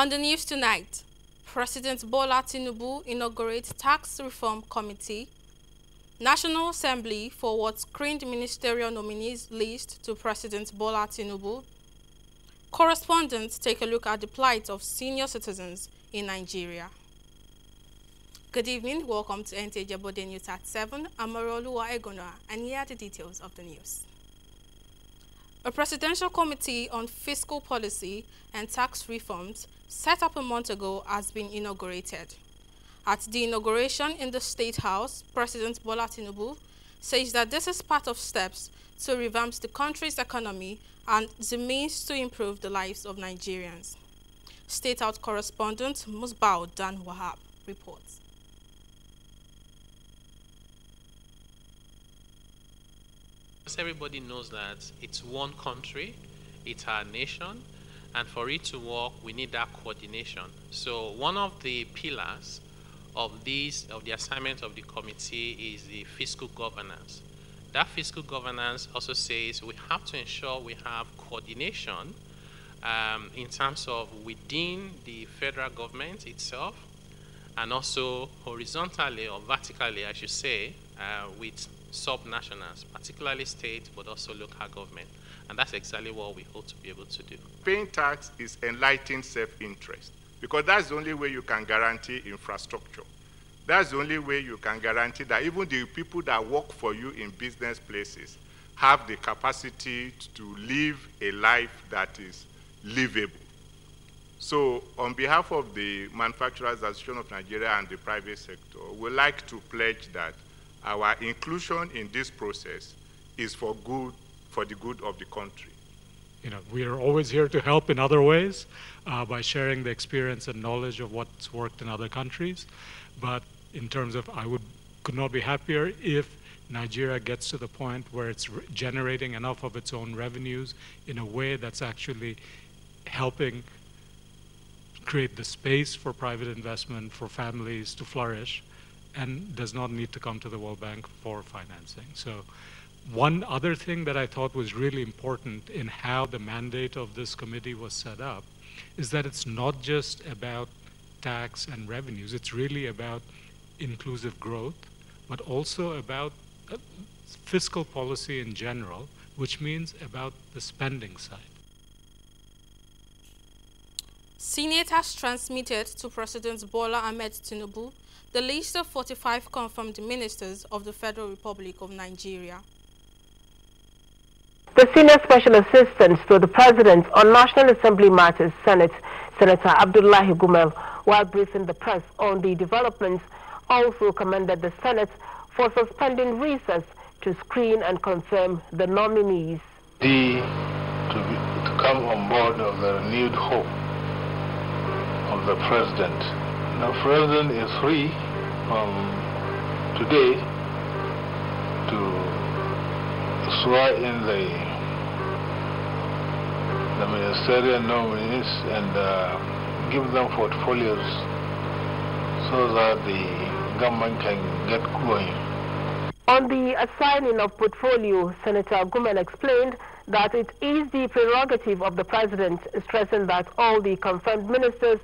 On the news tonight, President Bola Tinubu inaugurates Tax Reform Committee, National Assembly forwards screened ministerial nominees list to President Bola Tinubu. Correspondents take a look at the plight of senior citizens in Nigeria. Good evening, welcome to NTJ Jabode News at 7. I'm Marolua and here are the details of the news. A presidential committee on fiscal policy and tax reforms set up a month ago has been inaugurated. At the inauguration in the State House, President Bola Tinubu says that this is part of steps to revamp the country's economy and the means to improve the lives of Nigerians. State Out correspondent Musbao Dan Wahab reports. As everybody knows that it's one country, it's our nation, and for it to work, we need that coordination. So one of the pillars of these of the assignment of the committee is the fiscal governance. That fiscal governance also says we have to ensure we have coordination um, in terms of within the federal government itself, and also horizontally or vertically, I should say, uh, with subnationals, particularly state but also local government. And that's exactly what we hope to be able to do. Paying tax is enlightened self-interest because that's the only way you can guarantee infrastructure. That's the only way you can guarantee that even the people that work for you in business places have the capacity to live a life that is livable. So on behalf of the Manufacturers Association of Nigeria and the private sector, we like to pledge that our inclusion in this process is for good, for the good of the country. You know, we are always here to help in other ways uh, by sharing the experience and knowledge of what's worked in other countries. But in terms of, I would could not be happier if Nigeria gets to the point where it's generating enough of its own revenues in a way that's actually helping create the space for private investment for families to flourish and does not need to come to the World Bank for financing. So one other thing that I thought was really important in how the mandate of this committee was set up is that it's not just about tax and revenues, it's really about inclusive growth, but also about uh, fiscal policy in general, which means about the spending side. Senators transmitted to President Bola Ahmed Tinubu the list of 45 confirmed ministers of the Federal Republic of Nigeria. The Senior Special Assistant to the President on National Assembly Matters, Senate Senator Abdullahi Gumel, while briefing the press on the developments, also commended the Senate for suspending recess to screen and confirm the nominees. The, to, be, to come on board of the renewed hope of the President now President is free from today to swear in the, the ministerial nominees and uh, give them portfolios so that the government can get going. On the assigning of portfolio, Senator Guman explained that it is the prerogative of the president, stressing that all the confirmed ministers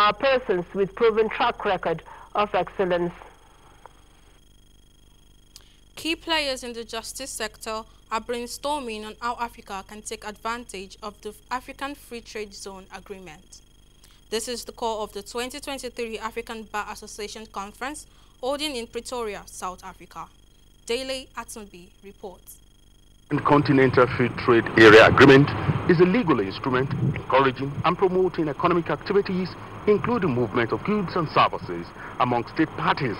are persons with proven track record of excellence. Key players in the justice sector are brainstorming on how Africa can take advantage of the African Free Trade Zone Agreement. This is the core of the 2023 African Bar Association Conference holding in Pretoria, South Africa. Daily Atunbi reports and Continental Free Trade Area Agreement is a legal instrument encouraging and promoting economic activities, including movement of goods and services among state parties.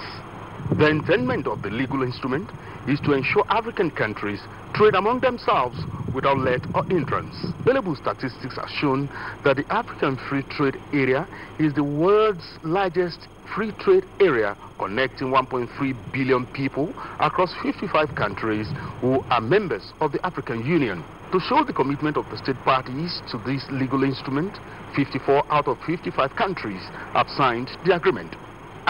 The intent of the legal instrument is to ensure African countries trade among themselves without let or hindrance. Available statistics have shown that the African Free Trade Area is the world's largest free trade area connecting 1.3 billion people across 55 countries who are members of the African Union. To show the commitment of the state parties to this legal instrument, 54 out of 55 countries have signed the agreement.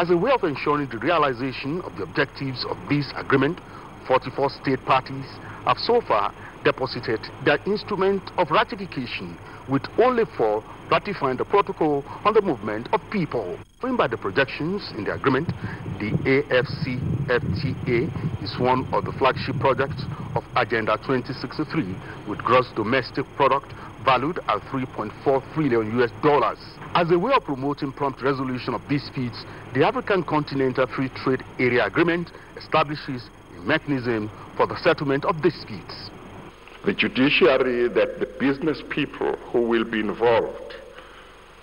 As a way of ensuring the realization of the objectives of this agreement, 44 state parties have so far deposited their instrument of ratification with only four ratifying the protocol on the movement of people. Going by the projections in the agreement, the A F C F T A is one of the flagship projects of Agenda 2063 with gross domestic product valued at 3.4 trillion US dollars. As a way of promoting prompt resolution of disputes, the African Continental Free Trade Area Agreement establishes a mechanism for the settlement of disputes. The judiciary that the business people who will be involved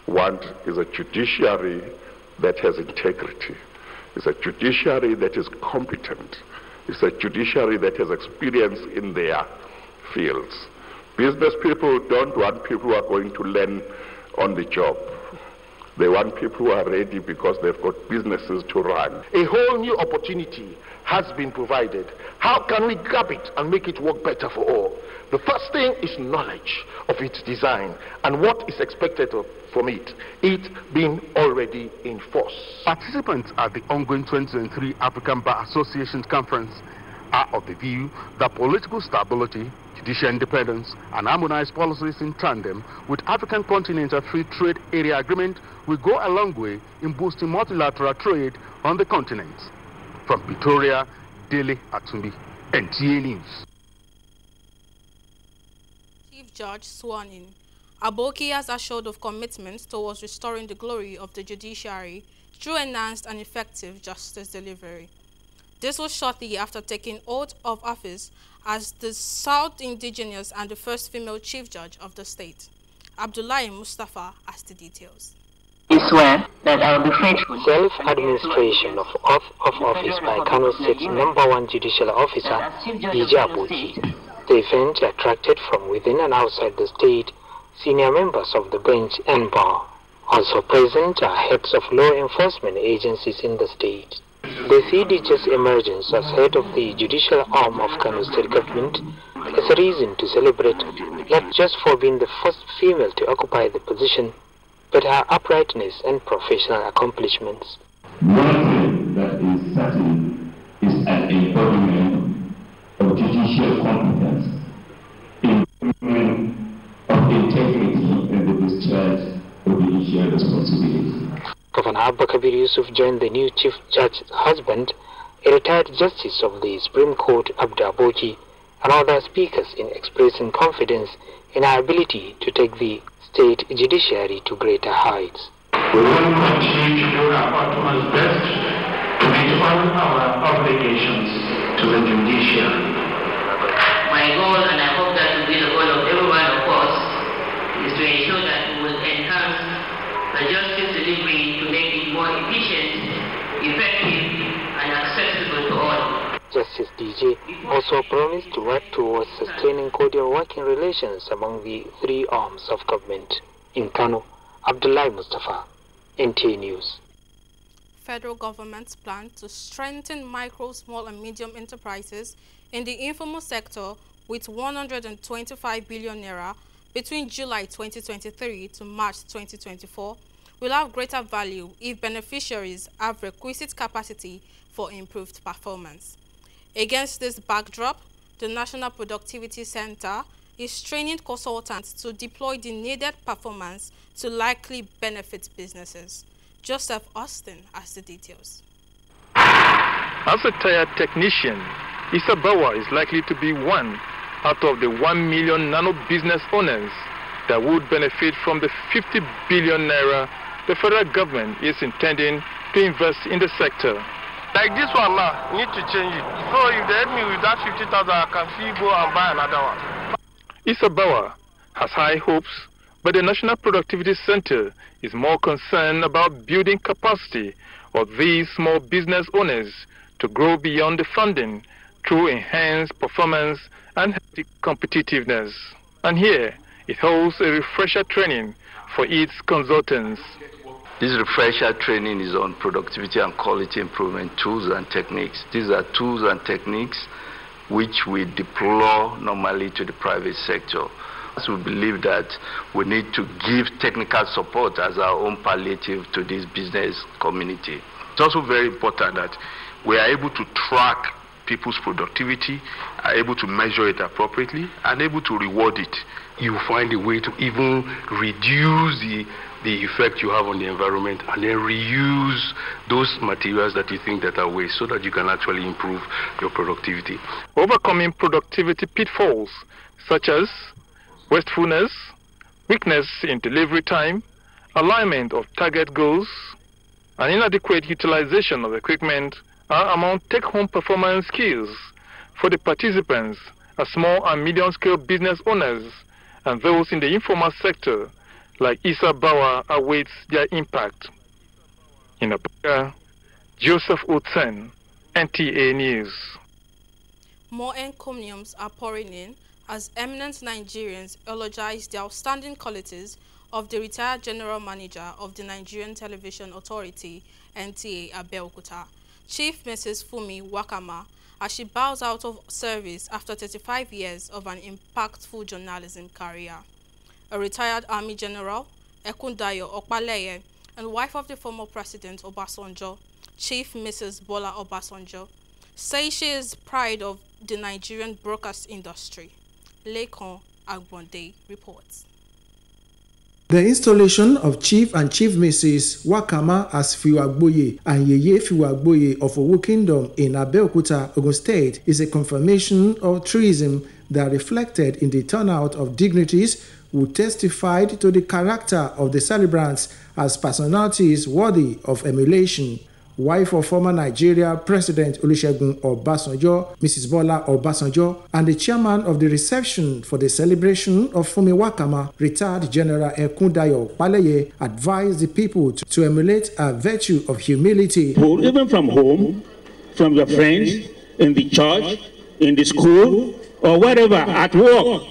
want is a judiciary that has integrity, is a judiciary that is competent, is a judiciary that has experience in their fields. Business people don't want people who are going to learn on the job. They want people who are ready because they've got businesses to run. A whole new opportunity has been provided. How can we grab it and make it work better for all? The first thing is knowledge of its design and what is expected of, from it, it being already in force. Participants at the ongoing 2023 African Bar Association Conference are of the view that political stability, judicial independence, and harmonized policies in tandem with African Continental Free Trade Area Agreement will go a long way in boosting multilateral trade on the continent. From Pretoria, Delhi, Atumbi, NTA News. Chief Judge sworn in. Aboki has assured of commitments towards restoring the glory of the judiciary through enhanced and effective justice delivery. This was shortly after taking oath of office as the South indigenous and the first female chief judge of the state. Abdullahi Mustafa has the details. I swear that I will be faithful. Self-administration of oath of office by Kano State's number one judicial officer, Ija Abuji. The event attracted from within and outside the state senior members of the bench and bar. Also present are heads of law enforcement agencies in the state. The see emergence as head of the judicial arm of Kano state government is a reason to celebrate not just for being the first female to occupy the position, but her uprightness and professional accomplishments. Nothing that is certain is an embodiment of judicial competence, embodiment of integrity and the discharge of judicial responsibility. Kafan Abba Kabir Yusuf joined the new chief judge husband, a retired justice of the Supreme Court Abda Boji, and other speakers in expressing confidence in our ability to take the state judiciary to greater heights. We will continue to do our utmost best to meet all our obligations to the judiciary. My goal, and I hope that will be the goal of everyone, of course, is to ensure that we will enhance the justice and accessible to all. Justice DJ also promised to work towards sustaining cordial working relations among the three arms of government. In Kano, Abdullahi Mustafa, NTA News federal government's plan to strengthen micro, small and medium enterprises in the informal sector with 125 billion naira between July 2023 to March 2024 will have greater value if beneficiaries have requisite capacity for improved performance. Against this backdrop, the National Productivity Center is training consultants to deploy the needed performance to likely benefit businesses. Joseph Austin has the details. As a tire technician, Isabawa is likely to be one out of the 1 million nano business owners that would benefit from the 50 billion naira the federal government is intending to invest in the sector. Like this one now, need to change it. So if they help me with that 50,000, I can still go and buy another one. Isabawa has high hopes, but the National Productivity Center is more concerned about building capacity of these small business owners to grow beyond the funding through enhanced performance and competitiveness. And here, it holds a refresher training for its consultants. This refresher training is on productivity and quality improvement tools and techniques. These are tools and techniques which we deploy normally to the private sector. So we believe that we need to give technical support as our own palliative to this business community. It's also very important that we are able to track people's productivity, are able to measure it appropriately, and able to reward it you find a way to even reduce the, the effect you have on the environment and then reuse those materials that you think that are waste so that you can actually improve your productivity. Overcoming productivity pitfalls such as wastefulness, weakness in delivery time, alignment of target goals, and inadequate utilization of equipment are among take-home performance skills for the participants as small and medium-scale business owners and those in the informal sector, like Issa Bauer, awaits their impact. In Abuja, Joseph Otsen, NTA News. More encomiums are pouring in as eminent Nigerians eulogize the outstanding qualities of the retired general manager of the Nigerian Television Authority, NTA Abeokuta, Chief Mrs. Fumi Wakama, as she bows out of service after 35 years of an impactful journalism career. A retired Army General, Ekundayo Okpaleye, and wife of the former President Obasanjo, Chief Mrs. Bola Obasanjo, says she is pride of the Nigerian broadcast industry. Lekon Agbonde reports. The installation of Chief and Chief Mrs. Wakama as Fiwagboye and Yeye Fiwagboye of Owo Kingdom in Abeokuta, Ogun State is a confirmation of truism that reflected in the turnout of dignitaries who testified to the character of the celebrants as personalities worthy of emulation wife of former Nigeria President Olusegun Obasanjo, Mrs. Bola Obasanjo, and the chairman of the reception for the celebration of Fumi Wakama, retired General Ekundayo Paleye, advised the people to, to emulate a virtue of humility. even from home, from your friends, in the church, in the school, or wherever, at work,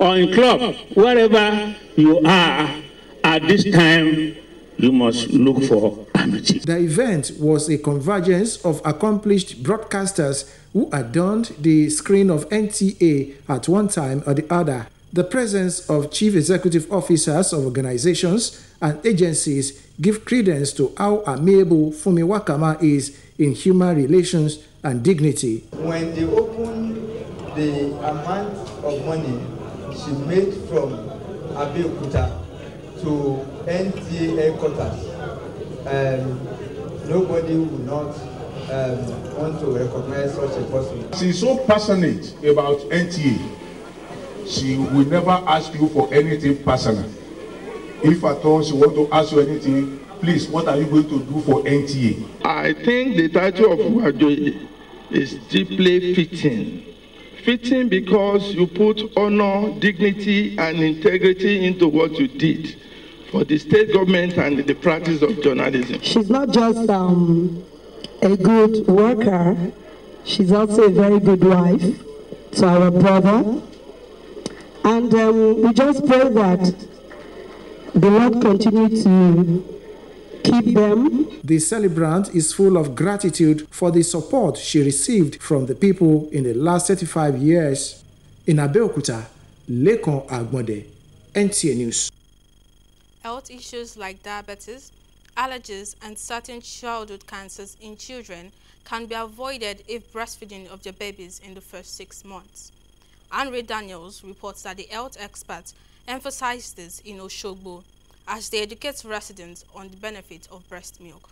or in club, wherever you are, at this time, you must look for Amity. The event was a convergence of accomplished broadcasters who adorned the screen of NTA at one time or the other. The presence of chief executive officers of organizations and agencies give credence to how amiable Fumi Wakama is in human relations and dignity. When they opened the amount of money she made from Abeokuta to NTA headquarters, um, nobody would not um, want to recognize such a person. She is so passionate about NTA. She will never ask you for anything personal. If at all she want to ask you anything, please, what are you going to do for NTA? I think the title of Wajoye is deeply fitting. Fitting because you put honor, dignity, and integrity into what you did. for the state government and the practice of journalism. She's not just um, a good worker, she's also a very good wife to our brother. And um, we just pray that the Lord continue to keep them. The celebrant is full of gratitude for the support she received from the people in the last 35 years. In Abeokuta, Lekon Agbonde, NTA News health issues like diabetes, allergies, and certain childhood cancers in children can be avoided if breastfeeding of their babies in the first six months. Henry Daniels reports that the health experts emphasize this in Oshogbo as they educate residents on the benefit of breast milk.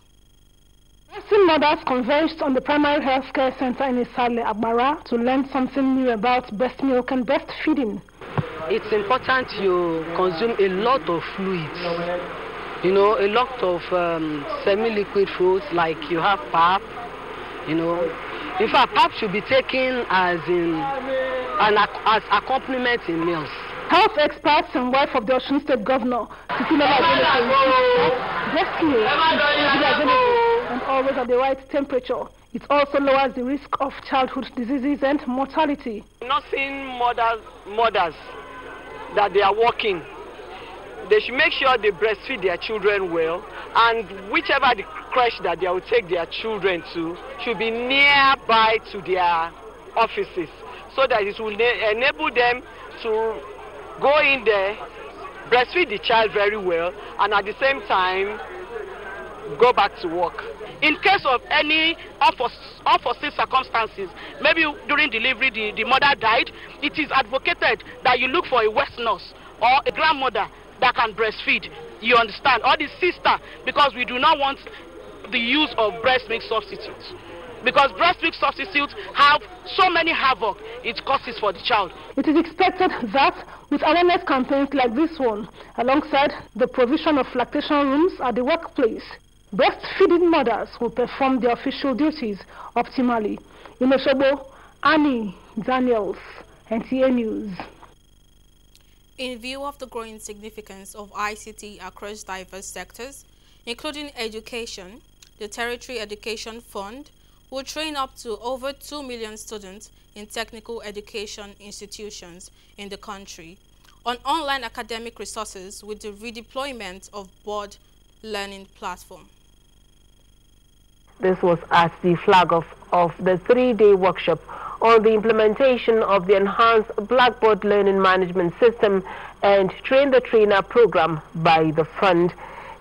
Breastfeeding mothers converged on the primary health care center in Isale, Agbara to learn something new about breast milk and breastfeeding it's important you consume a lot of fluids. You know, a lot of um, semi-liquid foods like you have pap, you know. In fact, pap should be taken as in an as accompaniment in meals. Health experts and wife of the Ocean State Governor, Cecilia Rescue and always at the right temperature. It also lowers the risk of childhood diseases and mortality. Nursing mothers, mothers that they are working. They should make sure they breastfeed their children well, and whichever the creche that they will take their children to should be nearby to their offices so that it will enable them to go in there, breastfeed the child very well, and at the same time, go back to work. in case of any unforeseen circumstances maybe during delivery the, the mother died it is advocated that you look for a west nurse or a grandmother that can breastfeed you understand or the sister because we do not want the use of breast milk substitutes because breast milk substitutes have so many havoc it causes for the child. It is expected that with awareness campaigns like this one, alongside the provision of lactation rooms at the workplace, breastfeeding mothers will perform their official duties optimally. In Oshobo, Annie Daniels, NTA News. In view of the growing significance of ICT across diverse sectors, including education, the Territory Education Fund will train up to over 2 million students in technical education institutions in the country on online academic resources with the redeployment of board learning platform. This was at the flag off of the three-day workshop on the implementation of the enhanced Blackboard learning management system and Train the Trainer program by the fund.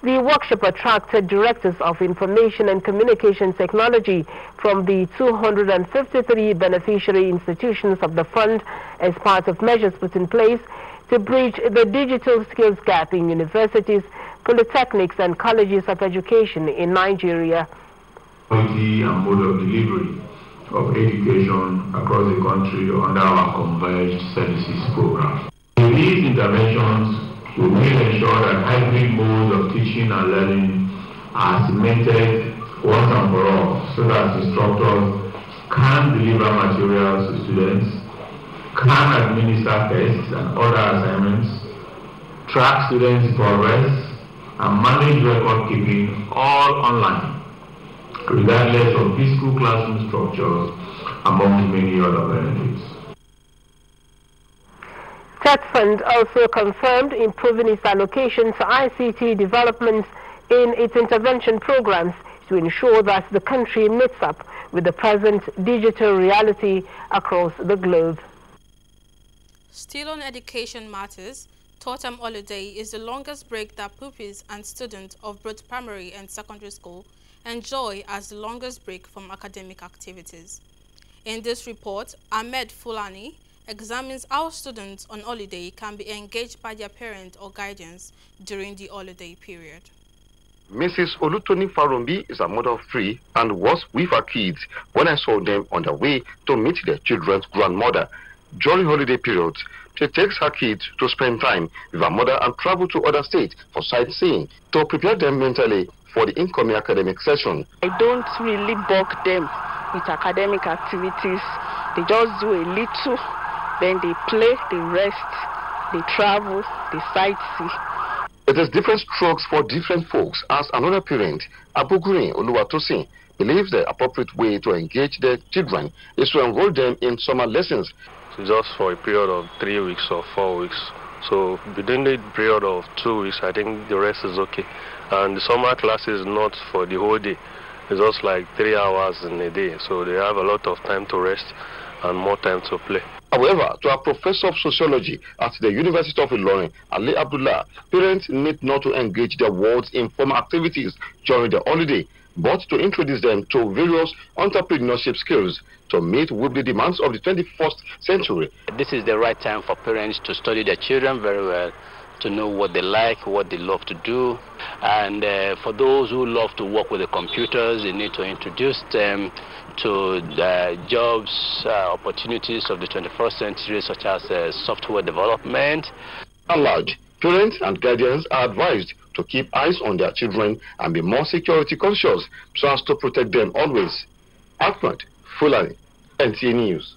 The workshop attracted directors of information and communication technology from the 253 beneficiary institutions of the fund as part of measures put in place to bridge the digital skills gap in universities, polytechnics and colleges of education in Nigeria quality and mode of delivery of education across the country under our converged services program. these interventions, will will ensure that hybrid modes of teaching and learning are cemented once and for all so that instructors can deliver materials to students, can administer tests and other assignments, track students' progress, and manage record keeping all online regardless of physical classroom structures, among many other benefits. Tech Fund also confirmed improving its allocation for ICT developments in its intervention programs to ensure that the country meets up with the present digital reality across the globe. Still on education matters, Totem Holiday is the longest break that pupils and students of both primary and secondary school enjoy as the longest break from academic activities. In this report, Ahmed Fulani examines how students on holiday can be engaged by their parent or guardians during the holiday period. Mrs. Olutoni Farombi is a mother of three and was with her kids when I saw them on their way to meet their children's grandmother during holiday periods, she takes her kids to spend time with her mother and travel to other states for sightseeing to prepare them mentally for the incoming academic session. I don't really bog them with academic activities. They just do a little, then they play, they rest, they travel, they sightsee. It is different strokes for different folks, as another parent, Abugurin Oluwatosin, believes the appropriate way to engage their children is to enroll them in summer lessons just for a period of three weeks or four weeks. So within the period of two weeks, I think the rest is okay. And the summer class is not for the whole day. It's just like three hours in a day. So they have a lot of time to rest and more time to play. However, to our professor of sociology at the University of Illinois, Ali Abdullah, parents need not to engage their wards in formal activities during the holiday but to introduce them to various entrepreneurship skills to meet with the demands of the 21st century. This is the right time for parents to study their children very well to know what they like, what they love to do. And uh, for those who love to work with the computers, they need to introduce them to the jobs, uh, opportunities of the 21st century, such as uh, software development. At large, parents and guardians are advised to keep eyes on their children and be more security conscious so as to protect them always. Ahmad Fulani, NTA News.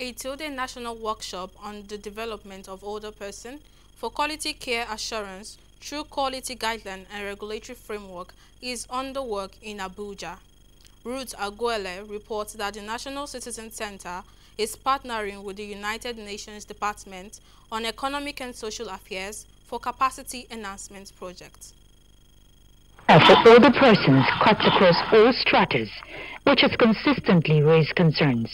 A two-day national workshop on the development of older person for quality care assurance through quality guideline and regulatory framework is underway in Abuja. Ruth Aguele reports that the National Citizen Center is partnering with the United Nations Department on Economic and Social Affairs for capacity enhancement projects. For older persons cuts across all stratas, which has consistently raised concerns.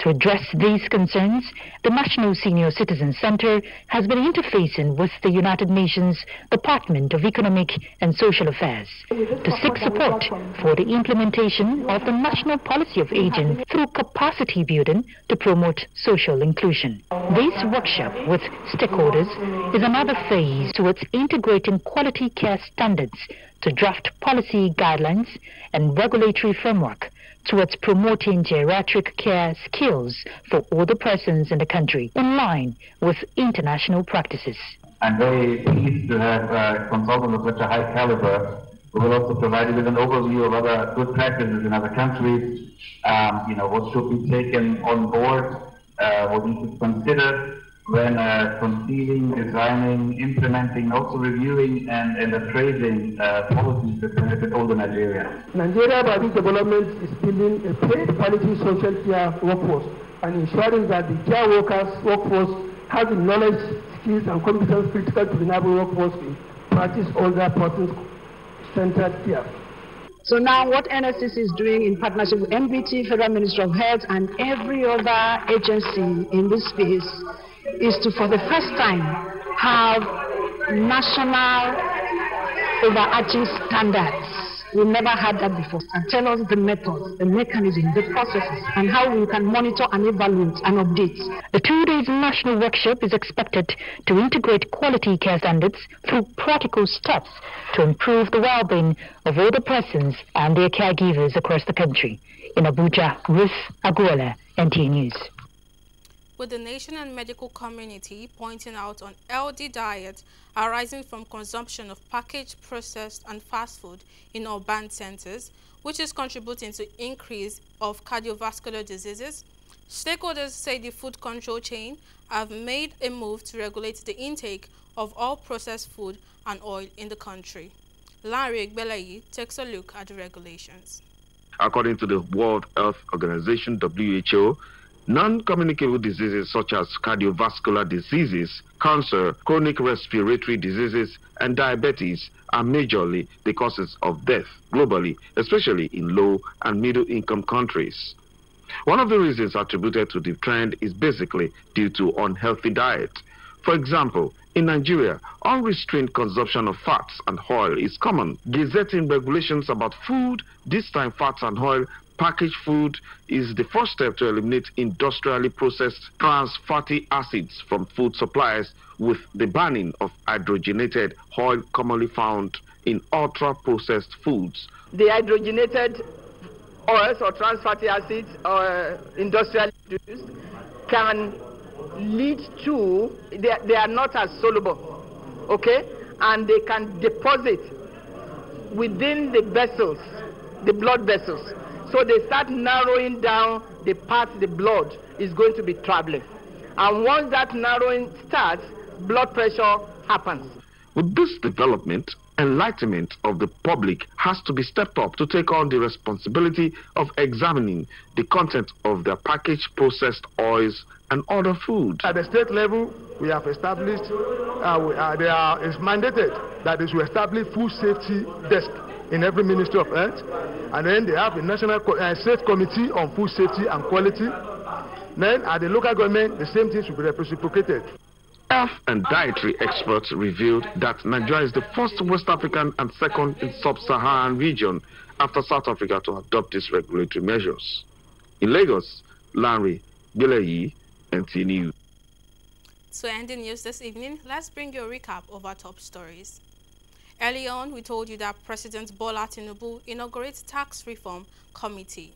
To address these concerns, the National Senior Citizen Center has been interfacing with the United Nations Department of Economic and Social Affairs to seek support for the implementation of the National Policy of Aging through capacity building to promote social inclusion. This workshop with stakeholders is another phase towards integrating quality care standards to draft policy guidelines and regulatory framework towards promoting geriatric care skills for older persons in the country in line with international practices. I'm very pleased to have a consultant of such a high caliber we will also provide you with an overview of other good practices in other countries, um, you know, what should be taken on board, uh, what we should consider, when uh, conceiving, designing, implementing, also reviewing and, and appraising uh, policies that benefit all the Nigerians. Nigeria, by this development, is building a paid quality social care workforce and ensuring that the care workers' workforce has the knowledge, skills, and competence critical to enable workforce to practice older person-centered care. So now what NSCC is doing in partnership with MBT, Federal Ministry of Health, and every other agency in this space is to, for the first time, have national overarching standards. We never had that before. And tell us the methods, the mechanism, the processes, and how we can monitor and evaluate and update. The two days national workshop is expected to integrate quality care standards through practical steps to improve the well being of older persons and their caregivers across the country. In Abuja, Ruth Aguilera, NTA News with the nation and medical community pointing out on healthy diet arising from consumption of packaged, processed and fast food in urban centers, which is contributing to increase of cardiovascular diseases. Stakeholders say the food control chain have made a move to regulate the intake of all processed food and oil in the country. Larry Gbelayi takes a look at the regulations. According to the World Health Organization, WHO, Non-communicable diseases such as cardiovascular diseases, cancer, chronic respiratory diseases, and diabetes are majorly the causes of death globally, especially in low and middle-income countries. One of the reasons attributed to the trend is basically due to unhealthy diet. For example, in Nigeria, unrestrained consumption of fats and oil is common. Gazetting regulations about food, this time fats and oil, packaged food is the first step to eliminate industrially processed trans fatty acids from food supplies with the banning of hydrogenated oil commonly found in ultra processed foods. The hydrogenated oils or trans fatty acids or uh, industrially produced can lead to, they, they are not as soluble, okay? And they can deposit within the vessels, the blood vessels. So they start narrowing down the path the blood is going to be traveling. And once that narrowing starts, blood pressure happens. With this development, enlightenment of the public has to be stepped up to take on the responsibility of examining the content of their packaged processed oils and other foods. At the state level, we have established, uh, we, uh, they are, it's mandated that they should establish food safety desk in every Ministry of Health and then they have a national co uh, committee on food safety and quality. Then at the local government, the same thing should be reciprocated. Health and dietary experts revealed that Nigeria is the first West African and second in sub-Saharan region after South Africa to adopt these regulatory measures. In Lagos, Larry Bileyi, NT News. So ending news this evening, let's bring you a recap of our top stories. Early on, we told you that President Bola Tinubu inaugurates tax reform committee.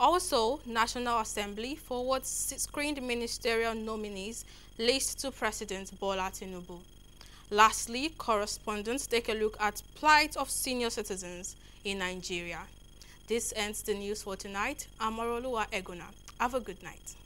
Also, National Assembly forwards screened ministerial nominees list to President Bola Tinubu. Lastly, correspondents take a look at plight of senior citizens in Nigeria. This ends the news for tonight. I'm Egona. Have a good night.